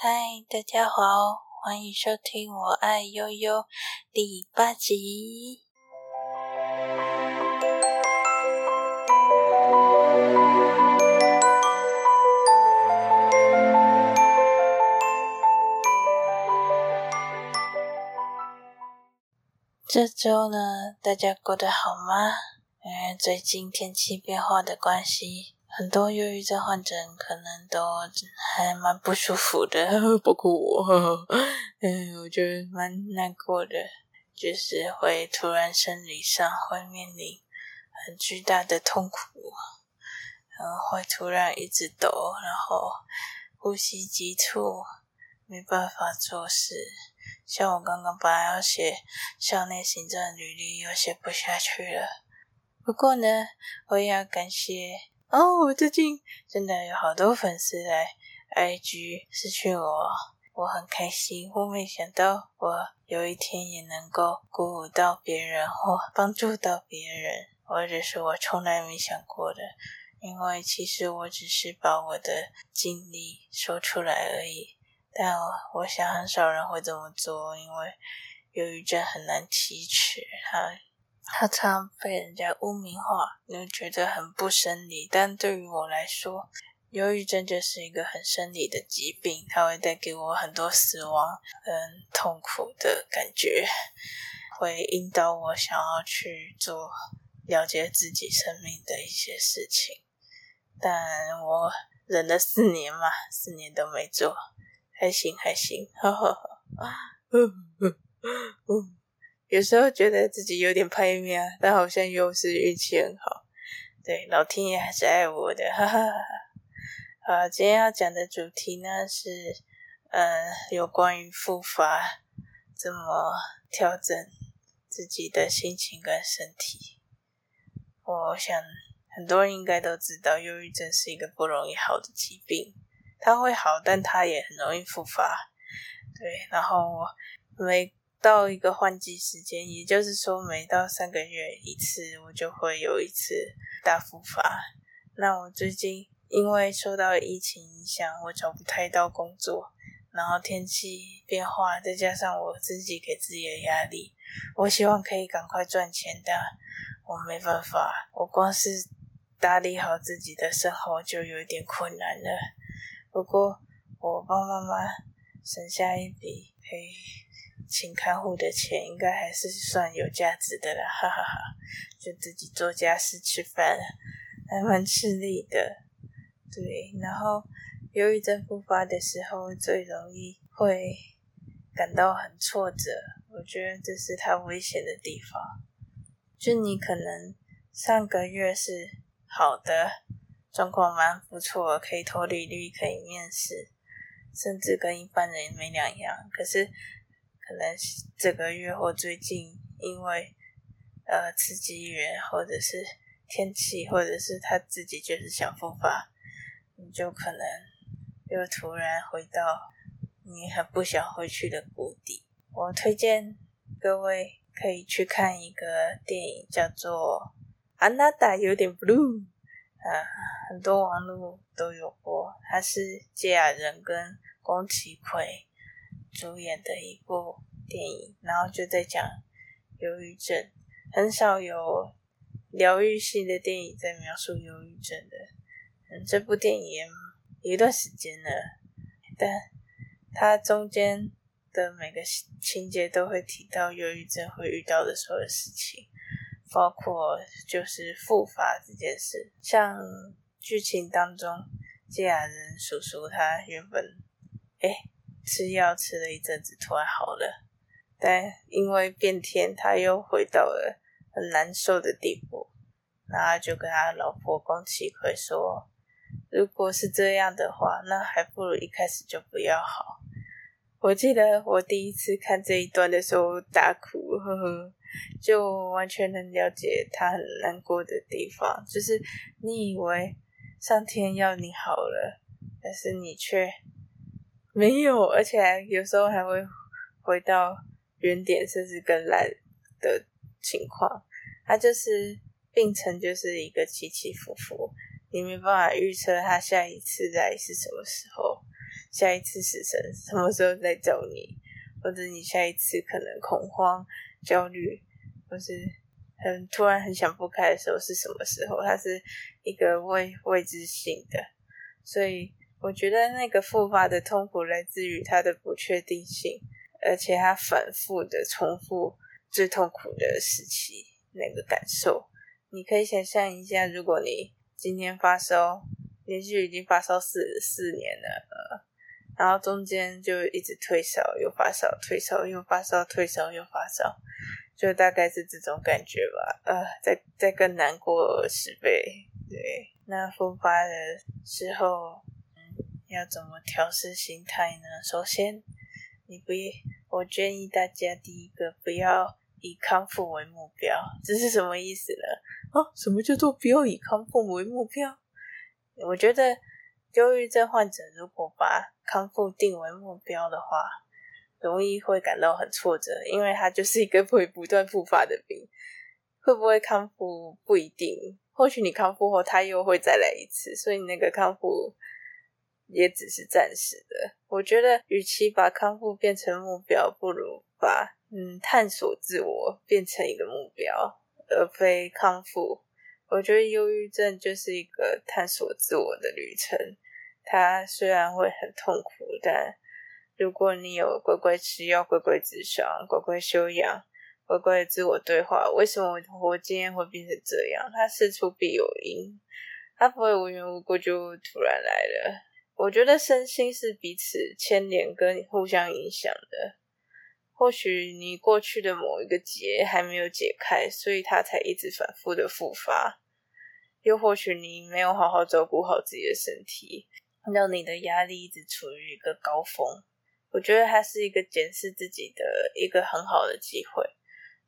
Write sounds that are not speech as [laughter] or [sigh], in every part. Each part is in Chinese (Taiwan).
嗨，Hi, 大家好，歡迎收聽我愛憂憂第八集。這周呢，大家過得好嗎？因為，呃，最近天氣變化的關係。很多憂鬱症患者可能都還蠻不舒服的，包括我。嗯、欸，我覺得蠻難過的，就是會突然生理上會面臨很巨大的痛苦，然、呃、後會突然一直抖，然後呼吸急促，沒辦法做事。像我剛剛本來要寫校內行政履歷，又寫不下去了。不過呢，我也要感謝。哦，我、oh, 最近真的有好多粉絲來 IG 私訊我，我很開心。我沒想到我有一天也能夠鼓舞到別人或幫助到別人，或者是我從來沒想過的。因為其實我只是把我的經歷說出來而已，但我，我想很少人會這麼做，因為憂鬱症很難啟齒。哈。他常被人家污名化，你會覺得很不生理。但對於我來說，憂鬱症就是一個很生理的疾病，它會帶給我很多死亡很痛苦的感覺，會引導我想要去做了解自己生命的一些事情。但我忍了四年嘛，四年都沒做，還行還行，哈哈哈嗯嗯嗯。有時候覺得自己有點派面啊，但好像又是運氣很好，對，老天爺還是愛我的，哈哈哈。好，今天要講的主題呢是，嗯，有關於復發怎麼調整自己的心情跟身體。我想很多人應該都知道，憂鬱症是一個不容易好的疾病，它會好，但它也很容易復發。對，然後我沒到一個換季時間，也就是說，每到三個月一次，我就會有一次大復發。那我最近因為受到疫情影響，我找不太到工作，然後天氣變化，再加上我自己給自己的壓力，我希望可以趕快賺錢的。我沒辦法，我光是打理好自己的生活就有點困難了。不過我幫媽媽省下一筆，嘿。請看護的錢應該還是算有價值的啦，哈哈哈。就自己做家事吃飯，還蠻吃力的。對，然後，憂鬱症復發的時候最容易會感到很挫折，我覺得這是它危險的地方。就你可能上個月是好的，狀況蠻不錯，可以投履歷，可以面試，甚至跟一般人沒兩樣。可是。可能這個月或最近，因為呃，刺激源，或者是天氣，或者是他自己就是想復發，你就可能又突然回到你很不想回去的谷底。我推薦各位可以去看一個電影，叫做《阿娜答有點 blue》，啊、呃，很多網絡都有播。它是堺雅人跟宮崎葵。主演的一部電影，然後就在講憂鬱症，很少有療癒系的電影在描述憂鬱症的。嗯，這部電影也一段時間了，但它中間的每個情節都會提到憂鬱症會遇到的所有事情，包括就是復發這件事。像劇情當中，杰雅人叔叔他原本，誒、欸吃藥吃了一陣子，突然好了，但因為變天，他又回到了很難受的地步。然後就跟他老婆宮崎葵說：“如果是這樣的話，那還不如一開始就不要好。”我記得我第一次看這一段的時候大哭呵呵，就完全能了解他很難過的地方。就是你以為上天要你好了，但是你卻……沒有，而且有時候還會回到原點，甚至更爛的情況。它就是病程，就是一個起起伏伏，你沒辦法預測它下一次來是什麼時候，下一次死神什麼時候再找你，或者你下一次可能恐慌、焦慮，或是很突然很想不開的時候是什麼時候，它是一個未未知性的，所以。我覺得那個復發的痛苦來自於它的不確定性，而且它反覆的重複最痛苦的時期那個感受。你可以想象一下，如果你今天發燒，連續已經發燒四四年了，呃、然後中間就一直退燒，又發燒，退燒，又發燒，退燒，又發燒，就大概是這種感覺吧。呃，再再更難過十倍。對，那復發的時候。要怎麼調適心態呢？首先，你不，我建議大家第一個不要以康復為目標。這是什麼意思呢？啊，什麼叫做不要以康復為目標？我覺得，憂鬱症患者如果把康復定為目標的話，容易會感到很挫折，因為他就是一個會不斷復發的病。會不會康復不一定，或許你康復後，他又會再來一次，所以那個康復。也只是暫時的。我覺得，與其把康復變成目標，不如把嗯探索自我變成一個目標，而非康復。我覺得，憂鬱症就是一個探索自我的旅程。它雖然會很痛苦，但如果你有乖乖吃藥、乖乖治療、乖乖休養、乖乖自我對話，為什麼我今天會變成這樣？它事出必有因，它不會無緣無故就突然來了。我覺得身心是彼此牽連跟互相影響的。或許你過去的某一個結還沒有解開，所以它才一直反覆的復发。又或許你沒有好好照顧好自己的身體，讓你的壓力一直處於一個高峰。我覺得它是一個檢視自己的一個很好的機會。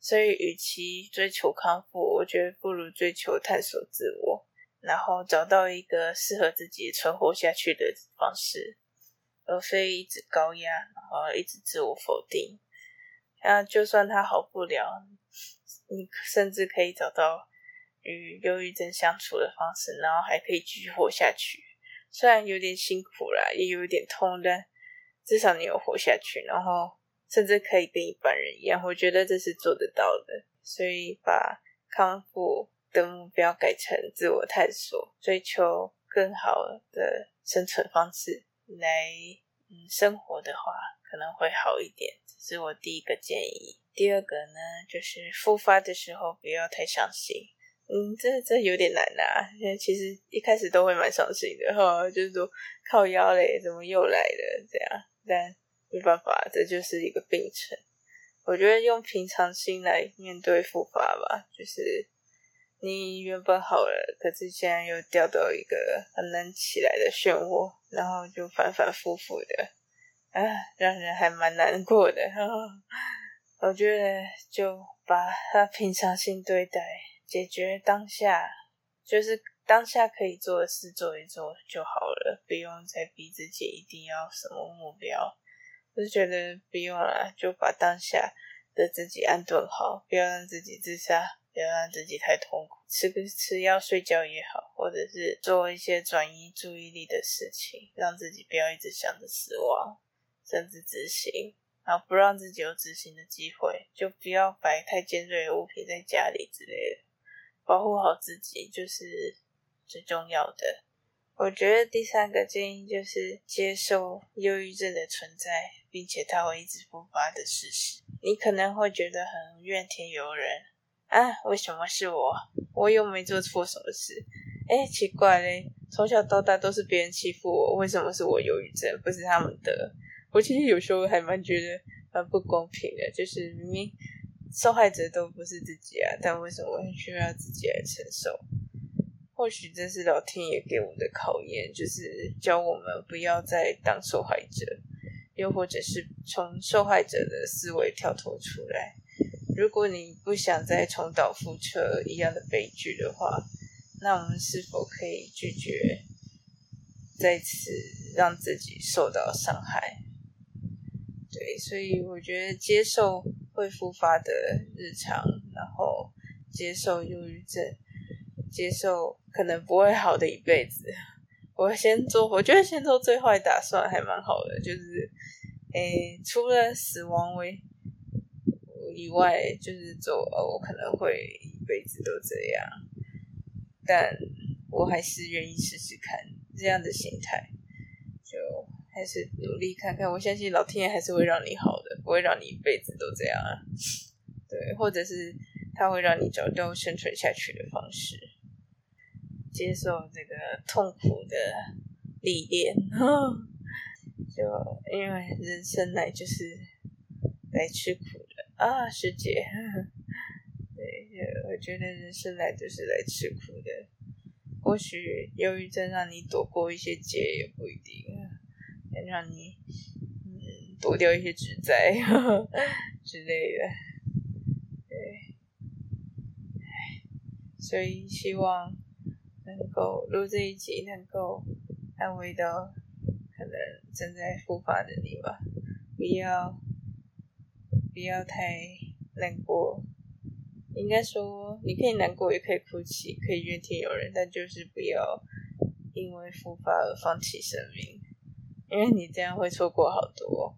所以，與其追求康復，我覺得不如追求探索自我。然後找到一個適合自己存活下去的方式，而非一直高壓，然後一直自我否定。那就算他好不了，你甚至可以找到與憂鬱症相處的方式，然後還可以繼續活下去。雖然有點辛苦啦，也有點痛，但至少你有活下去，然後甚至可以跟一般人一樣。我覺得這是做得到的，所以把康復的目標改成自我探索，追求更好的生存方式來嗯生活的話，可能會好一點。這是我第一個建議。第二個呢，就是復發的時候不要太傷心。嗯，這這有點難啦、啊。因為其實一開始都會蠻傷心的哈、哦，就是說靠腰嘞，怎麼又來了這樣。但沒辦法，這就是一個病程。我覺得用平常心來面對復發吧，就是。你原本好了，可是現在又掉到一個很難起來的漩渦，然後就反反复复的，啊，讓人還蠻難過的，哈哈。我覺得就把他平常心對待，解決當下，就是當下可以做的事做一做就好了，不用再逼自己一定要什麼目標。就是覺得不用了，就把當下的自己安頓好，不要讓自己自殺。不要讓自己太痛苦，吃不吃藥、睡覺也好，或者是做一些轉移注意力的事情，讓自己不要一直想着死亡，甚至執行。然後不讓自己有執行的機會，就不要擺太尖銳的物品在家裡之類的。保護好自己就是最重要的。我覺得第三個建議就是接受憂鬱症的存在，並且它會一直復發的事實。你可能會覺得很怨天尤人，啊，為什麼是我？我又沒做錯什麼事。哎、欸，奇怪嘞，從小到大都是別人欺負我，為什麼是我憂鬱症，不是他們得？我其實有時候還蠻覺得蠻不公平的，就是明明受害者都不是自己啊，但為什麼還需要自己來承受？或許這是老天爺給我們的考驗，就是教我們不要再當受害者，又或者是從受害者的思維跳脫出來。如果你不想再重蹈覆轍一樣的悲劇的話，那我們是否可以拒絕再次讓自己受到傷害？對，所以我覺得接受會復發的日常，然後接受憂鬱症，接受可能不會好的一輩子。我先做，我覺得先做最壞打算還蠻好的，就是誒，除了死亡危以外，就是做，哦，我可能會一輩子都這樣，但我還是願意試試看這樣的心態，就還是努力看看。我相信老天爺還是會讓你好的，不會讓你一輩子都這樣啊。對，或者是他會讓你找到生存下去的方式，接受這個痛苦的歷練，就因為人生來就是來吃苦。啊，師姐，對，我覺得人生來就是來吃苦的。或許憂鬱症讓你躲過一些劫也不一定，能讓你，嗯，躲掉一些職災，呵呵，之類的。對，唉，所以希望能夠錄這一集，能夠安慰到可能正在復發的你吧。不要。不要太難過，應該說你可以難過，也可以哭泣，可以怨天尤人，但就是不要因為復發而放棄生命，因為你這樣會錯過好多，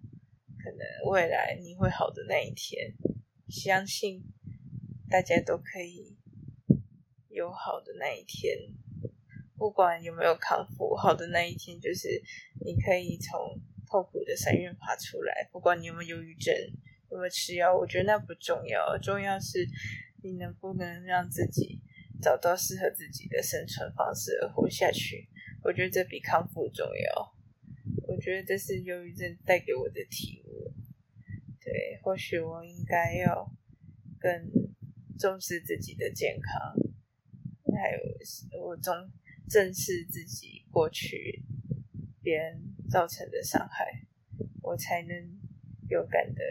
可能未來你會好的那一天。相信大家都可以有好的那一天，不管有沒有康復，好的那一天就是你可以從痛苦的深淵爬出來，不管你有沒有抑鬱症。怎麼吃藥？我覺得那不重要，重要是你能不能讓自己找到適合自己的生存方式而活下去。我覺得這比康復重要。我覺得這是憂鬱症帶給我的體悟。對，或許我應該要更重視自己的健康，還有我重正視自己過去別人造成的傷害，我才能有感的。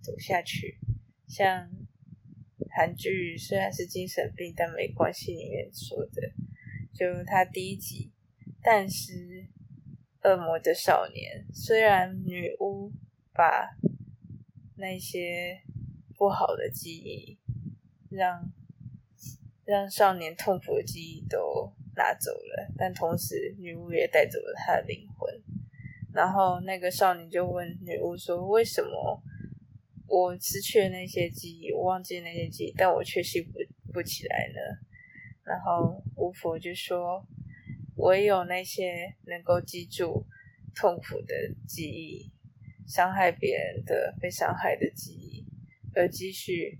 走下去，像韓劇雖然是精神病，但沒關係。裡面說的就他第一集，但是惡魔的少年雖然女巫把那些不好的記憶讓讓少年痛苦的記憶都拿走了，但同時女巫也帶走了他的靈魂。然後那個少年就問女巫說：“為什麼？”我失去了那些記憶，我忘記了那些記憶，但我確實不不起來呢。然後，巫婆就說：“唯有那些能夠記住痛苦的記憶、傷害別人的被傷害的記憶，而繼續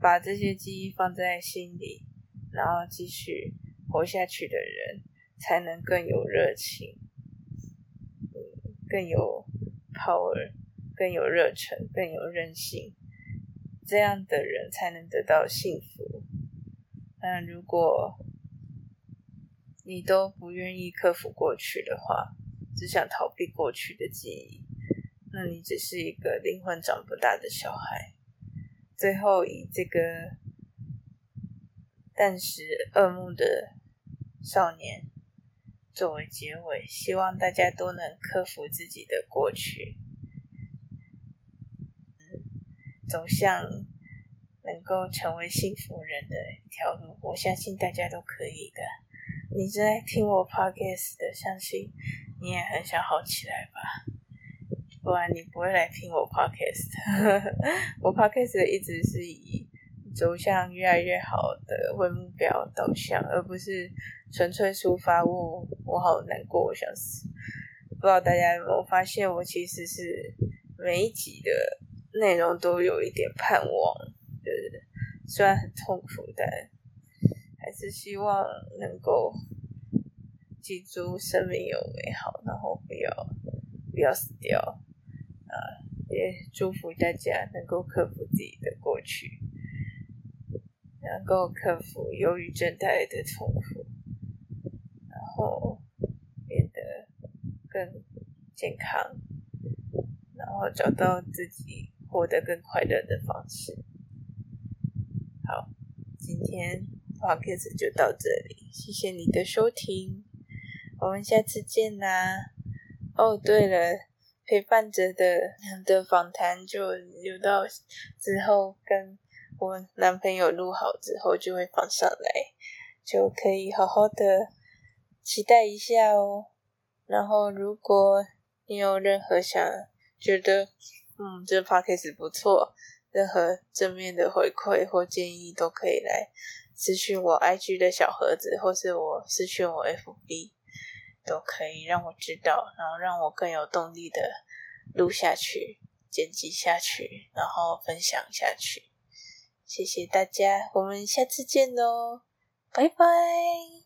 把這些記憶放在心裡，然後繼續活下去的人，才能更有熱情，更有 power。”更有熱忱，更有韌性，這樣的人才能得到幸福。那如果你都不願意克服過去的話，只想逃避過去的記憶，那你只是一個靈魂長不大的小孩。最後以這個暫時噩夢的少年作為結尾，希望大家都能克服自己的過去。走向能夠成為幸福人的一條路，我相信大家都可以的。你正在聽我 podcast 的，相信你也很想好起來吧？不然你不會來聽我 podcast。 [laughs] 我 podcast 一直是以走向越來越好的為目標導向，而不是純粹抒發我我好難過，我想死。不知道大家有沒有發現，我其實是每一集的。內容都有一點盼望，對不對？雖然很痛苦，但還是希望能夠記住生命有美好，然後不要不要死掉啊！呃，也祝福大家能夠克服自己的過去，能夠克服憂鬱症帶來的痛苦，然後變得更健康，然後找到自己。活得更快樂的方式。好，今天 podcast 就到這裡，謝謝你的收聽，我們下次見啦！哦，對了，陪伴者的的訪談就留到之後跟我男朋友錄好之後就會放上來，就可以好好的期待一下哦。然後，如果你有任何想覺得，嗯，這 podcast 不錯。任何正面的回饋或建議都可以來私訊我 IG 的小盒子，或是我私訊我 FB 都可以讓我知道，然後讓我更有動力的錄下去、剪輯下去，然後分享下去。謝謝大家，我們下次見囉，拜拜。